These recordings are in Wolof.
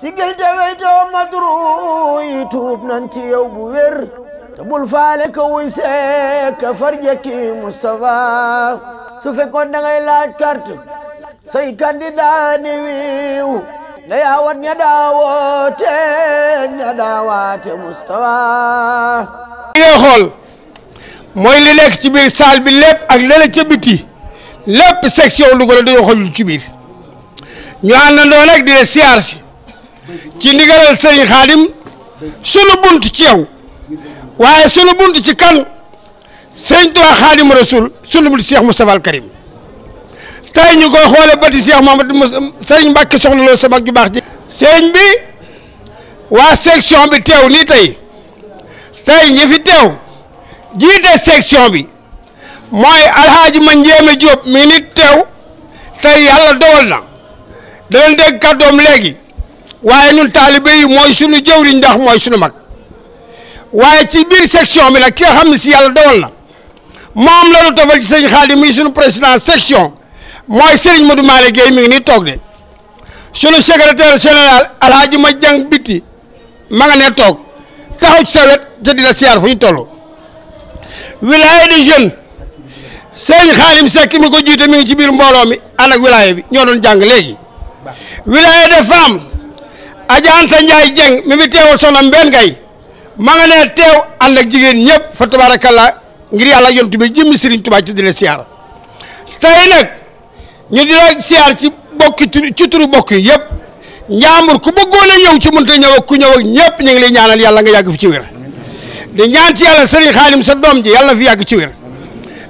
sigil te weytoo madru yi tuub nan ci yow bu wér te bul faale ka wuy seek ka farjekki Moustapha su fekkoon da ngay laaj carte say candidat ni wiiw na yaawat ña daawoote ña daawaate li ngay mooy li nekk ci biir salle bi lépp ak lële ca biti lépp section Louga la xool ci ñu àndandoo nag di la siyaar si ci ndigalal sëriñ xaadim sunu bunt ci waaye sunu bunt ci kan sëriñ Tuubaa xaadim rasul sunu bunt Cheikh Moustapha al Karim tey ñu koy xoole bati Cheikh Mouhamad sëriñ Mbàkke soxna loo sama ju baax ji sëriñ bi waa section bi teew nii tey tey ñi fi teew jiite section bi mooy alxaaji ma njéeme Jóob mi nit teew tey yàlla dogal na dana dégg kàddoom léegi waaye nun taalibe yi mooy sunu jëwriñ ndax mooy sunu mag waaye ci biir section bi nag ki nga xam ne si yàlla na moom la ñu tofal ci sëñ Xaadim mi président section mooy Serigne Modou Malick Guèye mi toog de sunu secrétaire général alhaji ma toog taxaw ci sa wet fu ñu toll wilaya des jeunes sëñ Xaadim Seck mi ko jiite mi ngi ci biir mbooloo mi ànd bi ñoo doon jàng léegi wilaya des femmes Adja Anta Ndiaye Dieng mi fi teewal soxna Mbène gay ma nga ne teew ànd ak jigéen ñëpp fa tabaarakalla ngir yàlla ak yontu bi jëmmi Serigne Touba ci di la siyaar tey nag ñu di la siyaar ci bokki ci turu bokk yi yëpp njaambur ku bëggoon a ñëw ci mënta ñëw ak ku ñëw ak ñëpp ñu ngi lay ñaanal yàlla nga yàgg fi ci wér di ñaan ci yàlla Serigne Xaadim sa doom ji yàlla fi yàgg ci wér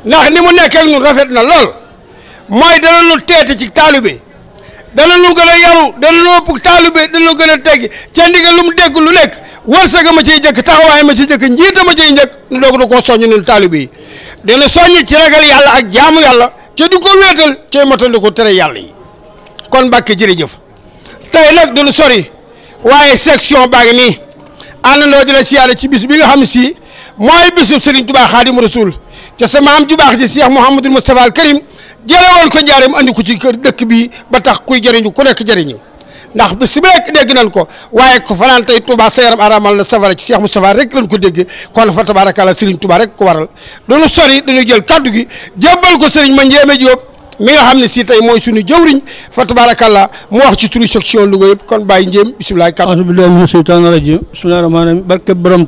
ndax ni mu nekkee ak rafet na lool mooy dana lu teete ci taalibe dana lu gën a yaru dana lu ëpp taalube dana gën a teggi ca ndigal lu mu dégg lu nekk wërsëg ma ciy njëkk taxawaay ma ci njëkk njiita ma ciy njëkk nu doog na koo soññ nun taalube yi dana soññ ci ragal yàlla ak jaamu yàlla ca di ko wéetal cay matandi ko tere yàlla yi kon Mbàkke jërëjëf tey nag duñu sori waaye section baa ngi nii àndandoo di la siyaare ci bis bi nga xam si mooy bisub Serigne Touba Khadim Rasoul ca sa maam ju baax ji Cheikh Mouhamadul Moustapha al Karim jëlewoon ko njaareem andi ko ci kër dëkk bi ba tax kuy jëriñu ku nekk jëriñu ndax bis bu nekk dégg nañ ko waaye ko fanaan tey Touba sa yaram aramal na safara ci Cheikh Moustapha rek ko dégg kon fa tabaarakalla Serigne Touba rek ko waral duñu sori dañu jël kaddu gi jébbal ko Serigne ma njéeme Diop mi nga xam ne si tey mooy suñu jëwriñ fa tabaarakalla mu wax ci turu section Louga yëpp kon bàyyi njéem bisimilah. a'uuzu billaahi mina shaytaani rajiim bismillaahi rahmaani rahiim barke borom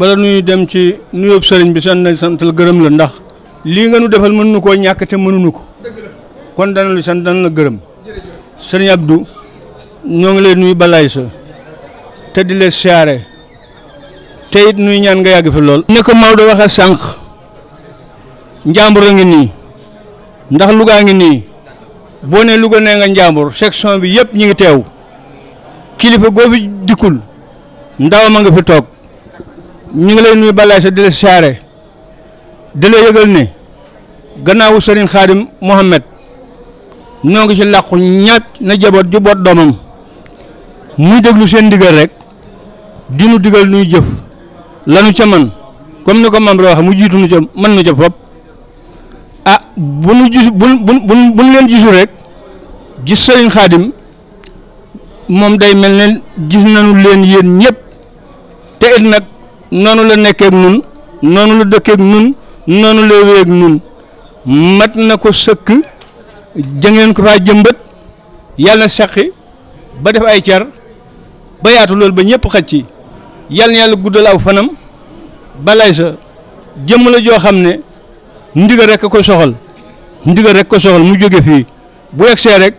bala nuy dem ci nuyoob sëriñ bi sant nañ santal gërëm la ndax lii nga nu defal mën nu koo ñàkk te mënuñu ko kon dana lu sant dana gërëm sëriñ du ñoo ngi leen nuyu balaay sa te di leen siyaare te nuy ñaan nga yàgg fi lool. ne ko Maodo wax sànq njàmbur a ngi nii ndax Louga ngi nii boo ne Louga nee nga njàmbur section bi yëpp ñu ngi teew kilifa goo fi dikkul ndaw ma nga fi toog. ñu ngi lay nuyu balaay sa di la siyaare di yëgal ne gannaawu sëriñ xaadim Mohamed ñoo ngi ci làqu ñaat na jaboot ju boot doomam muy déglu seen ndigal rek di nu digal nuy jëf lanu ca man comme ni ko mam ra wax mu jiitu nu ca mën nu ca fop ah bu nu gis bu bu bu nu leen gisul rek gis sëriñ xaadim moom day mel ne gis nañu leen yéen ñëpp te it nag noonu la nekkeek nun noonu la dëkkeek nun noonu la wéyeek nun mat na ko sëkk jëngeen ko faa jëmbët yàlla na seqi ba def ay car bayaatu yaatu loolu ba ñëpp xaj ci yàlla na yàlla guddal aw fanam balay sa jëmm la joo xam ne ndigal rek ko soxal ndigal rek ko soxal mu jóge fii bu yegsee rek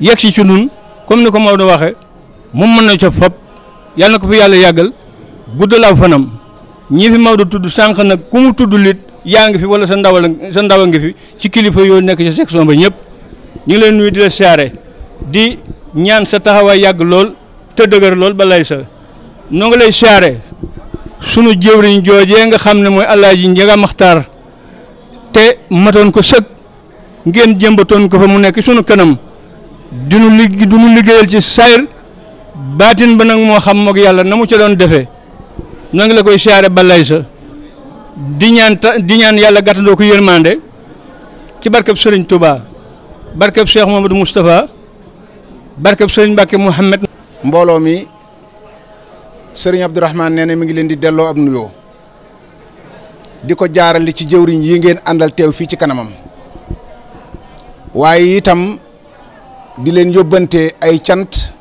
yegsi ci nun comme ni ko Maodo waxe moom mën na ca fab yàlla na ko fi yàlla yàggal guddalaw fanam ñii fi Maodo tudd sànq nag ku mu tudd lit yaa ngi fi wala sa ndawal sa ndawa ngi fi ci kilifa yoo nekk ci section ba ñëpp ñu ngi leen nuyu di la siyaare di ñaan sa taxawaay yàgg lool te dëgër lool ba sa noo ngi lay siyaare sunu jëwriñ joojee nga xam ne mooy Alaaji Njaga Maxtaar te matoon ko sëg ngeen jëmbatoon ko fa mu nekk sunu kanam du nu lig du liggéeyal ci sayr baatin ba nag moo xam moog yàlla na mu ca doon defee noo la koy siyaare balay sa di ñaan di ñaan yàlla gàttandoo ko yërmande ci barkeb sëriñ Touba barkeb Cheikh Mamadou Moustapha barkeb sëriñ Mbacke Mouhamed. mbooloo mi sëriñ Abdourahmane nee na mi ngi leen di delloo ab nuyoo di ko jaarale ci jëwriñ yi ngeen àndal teew fii ci kanamam waaye itam di leen yóbbante ay cant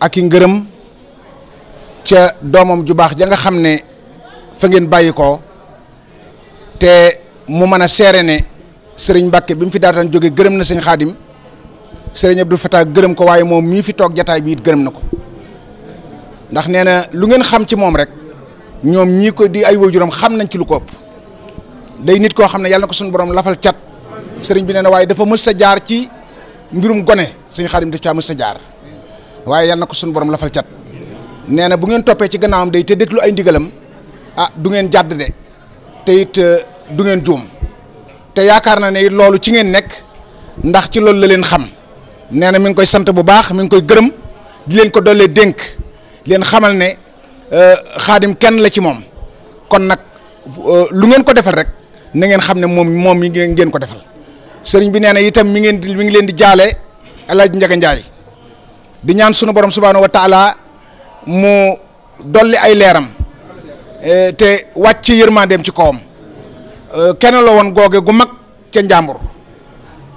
ak i ngërëm. ca domom ju bax ja nga xamne fa ngeen bayiko te mu serene séré né serigne mbacké bimu fi daatan jóge gërëm na serigne khadim serigne Abdou Fatah gërëm ko waye mom mi fi tok jotaay bi it gërëm nako ndax néna lu ngeen xam ci mom rek ñom ñi ko di ay waajuram xam nañ ci lu kopp day nit ko xamne yalla nako sun borom lafal cat serigne bi néna waye dafa mësa jaar ci mbirum goné serigne khadim dafa mësa jaar waye yalla nako sun borom lafal nee bu ngeen topé ci gannaawam day té déglu ay ndigalam ah du ngeen jadd dé té it euh, du ngeen juum té yaakar na né loolu ci ngeen nek ndax ci loolu la leen xam nee mi ngi koy sant bu baax mi ngi koy gërëm di leen ko dollee dénk leen xamal né euh khadim kenn la ci mom kon nak euh, lu ngeen ko défal rek na ngeen xam ne mom moom mi ngeen ko défal sëriñ bi nee itam mi ngeen mi ngi leen di jaalé El Hadj Ndiaga Ndiaye di ñaan suñu borom subhanahu wa taala mu dolli ay leram e, te yirma dem ci kawam e, kenn la won goge gu mag ci njambur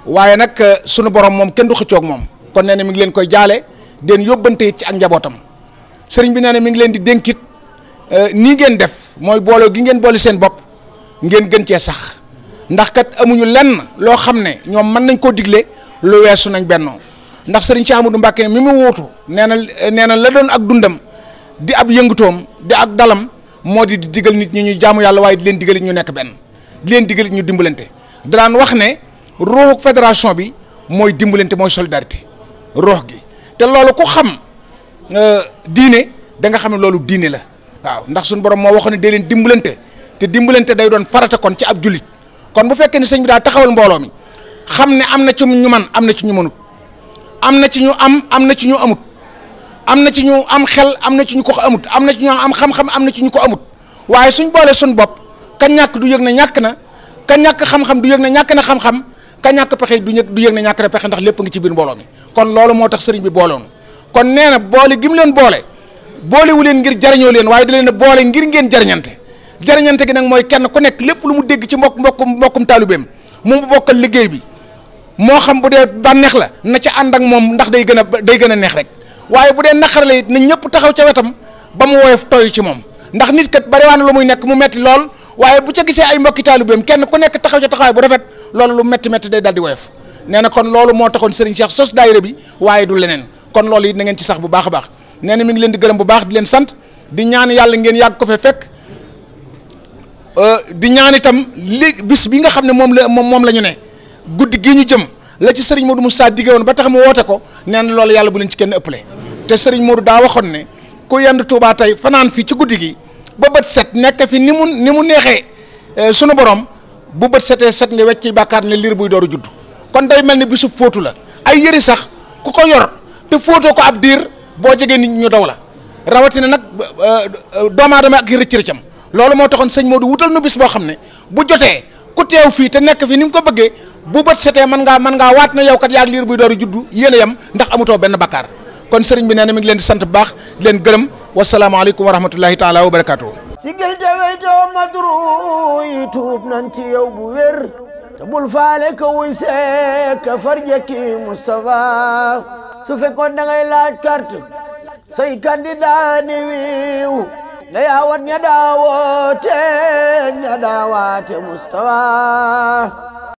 waye nak e, suñu borom mom kenn du ak mom kon nee mi ngi leen koy jaalé den yobante ci ak njabotam sëriñ bi mi ngi leen di dénkit ni ngeen def moy bolo gi ngeen boole seen bop ngeen gën ci sax ndax kat amuñu lenn lo xam ñom man nañ ko digle lu wessu nañ benno ndax serigne Cheikh Amadou Mbacke mi mu wuutu neena neena la doon ak dundam di ab yëngutoom di ak dalam modi di digal nit ñi ñu jaamu yalla way di len digal ñu nek ben di len digal ñu dimbulante daan wax ne ruuxu federation bi moy dimbulante moy solidarité roh gi te lolu ku xam euh, diine da nga xam lolu loolu diine la waaw ndax sun borom mo waxoon ne dee leen te dimbulante day doon farata kon ci ab julit kon bu fekkee ni sëñ bi da taxawal mbolo mi xamne amna ci ñu man amna ci ñu mënut amna ci ñu am amna ci ñu amut amna ci ñu am xel amna ci ñu ko amut amna ci ñu am xam-xam amna ci ñu ko amut waye suñ boole suñ bop ka ñak du yëg na ñak na ka ñak xam-xam du yëg na ñak na xam-xam ka ñak pexe du ñek du yëg na ñak na pexe ndax lepp ngi ci biir mbolo mi kon loolu motax sëriñ bi booloon kon neena na boole gim leen boole boole wu leen ngir jariñoo leen waye da leen boole ngir ngeen jarñante jarñante gi nak moy kenn ku nek lepp lu mu dégg ci mbok mbok mbokum talubem mu bokkal liggey bi mo xam bu dee banex la na ci and ak mom ndax day gëna day gëna neex rek waye bu dee naqar lay it ñëpp taxaw ci wetam ba mu woyef toy ci mom ndax nit kat bari waana lu muy nekk mu metti lool waye bu ci gisee ay mbokki talibem kenn ku nekk taxaw ci bu rafet lool lu metti metti day di kon loolu mo taxoon Serigne Cheikh sos daayira bi waye du leneen kon loolu it na ngeen ci sax bu baax baax nee mi ngi leen di gërëm bu baax di leen sant di ñaan yalla ngeen yag ko fe fekk euh, di ñaan itam bis bi nga xamne mom la guddi gii ñu jëm la ci sëriñ Modou Moussa digge woon ba tax mu woote ko nee na loolu yàlla bu leen ci kenn ëppale te sëriñ Modou daa waxoon ne ku yend Touba tey fanaan fii ci guddi gi ba bët set nekk fi ni mu ni mu neexee eh, sunu borom bu bët setee set nga wecc bàkkaar ne liir buy dooru judd kon day mel ni bisu fóotu la ay yëri sax ku ko yor te fóotoo ko ab diir boo jegee nit ñu daw la rawatina nag eh, eh, doomu aadama ak rëcc rëccam loolu moo taxoon sëñ Modou wutal nu bis boo xam ne bu jotee ku fii te nekk fi ni mu ko bëggee bu bët setee mën ngaa mën waat na yow kat yaag liir buy door juddu yéen a yem ndax amutoo benn bakkaar kon sëriñ bi nee mi ngi leen di sant bu baax leen gërëm wasalaamaaleykum wa rahmatullahi taala wa barakaatu. sigil te weytoo madru yi tuub nan ci yow bu wér te bul faale ko wuy seek farjëkki Moustapha su fekkoon da ngay laaj carte say candidat wiiw na yaawat ña daawoote ña daawaate Moustapha